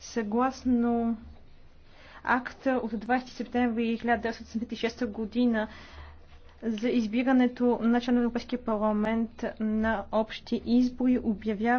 Съгласно акта от 20 септември 1976 година за избирането на член на Европейския парламент на общи избори обявява